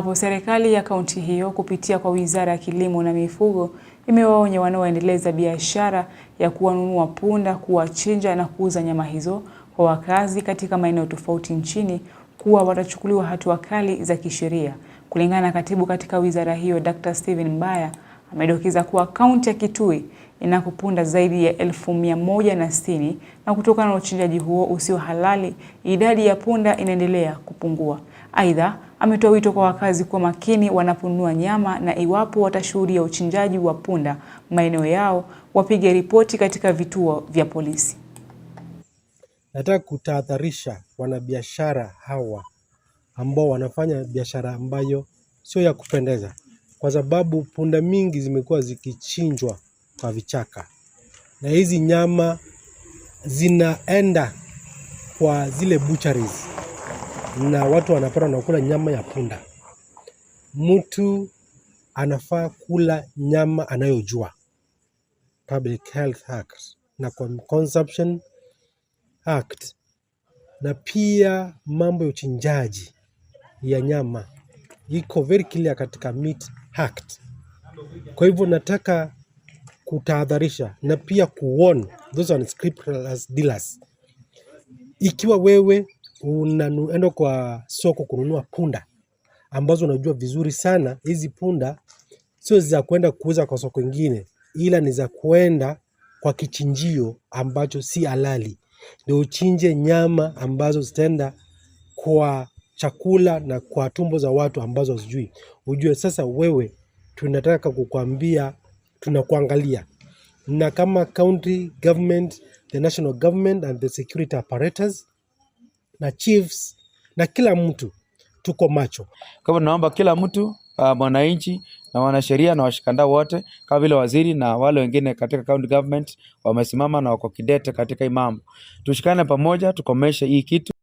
Hapo serikali ya kaunti hiyo kupitia kwa Wizara ya Kilimo na Mifugo imewaonya wanaoendeleza biashara ya kuwanunua punda, kuwachinja na kuuza nyama hizo kwa wakazi katika maeneo tofauti nchini kuwa watachukuliwa hatua kali za kisheria. Kulingana na katibu katika wizara hiyo, dr Stephen Mbaya amedokeza kuwa kaunti ya Kitui inako punda zaidi ya elfu mia moja na sitini na kutokana na uchinjaji huo usio halali idadi ya punda inaendelea kupungua. Aidha, ametoa wito kwa wakazi kuwa makini wanaponunua nyama na iwapo watashuhudia uchinjaji wa punda maeneo yao wapige ripoti katika vituo vya polisi. Nataka kutahadharisha wanabiashara hawa ambao wanafanya biashara ambayo sio ya kupendeza, kwa sababu punda mingi zimekuwa zikichinjwa kwa vichaka, na hizi nyama zinaenda kwa zile butcheries na watu wanapata wanakula nyama ya punda. Mtu anafaa kula nyama anayojua, Public Health Act na Consumption Act, na pia mambo ya uchinjaji ya nyama iko very clear katika Meat Act. Kwa hivyo nataka kutahadharisha na pia kuon those on scriptural dealers, ikiwa wewe unaenda kwa soko kununua punda ambazo unajua vizuri sana hizi punda sio za kwenda kuuza kwa soko ingine, ila ni za kwenda kwa kichinjio ambacho si halali, ndio uchinje nyama ambazo zitaenda kwa chakula na kwa tumbo za watu ambazo hazijui. Ujue sasa wewe, tunataka kukwambia, tunakuangalia na kama county government, the national government and the security apparatus na chiefs na kila mtu tuko macho. Kwa hivyo naomba kila mtu uh, mwananchi na wanasheria na washikanda wote kama vile waziri na wale wengine katika county government wamesimama na wako kidete katika imamu, tushikane pamoja tukomeshe hii kitu.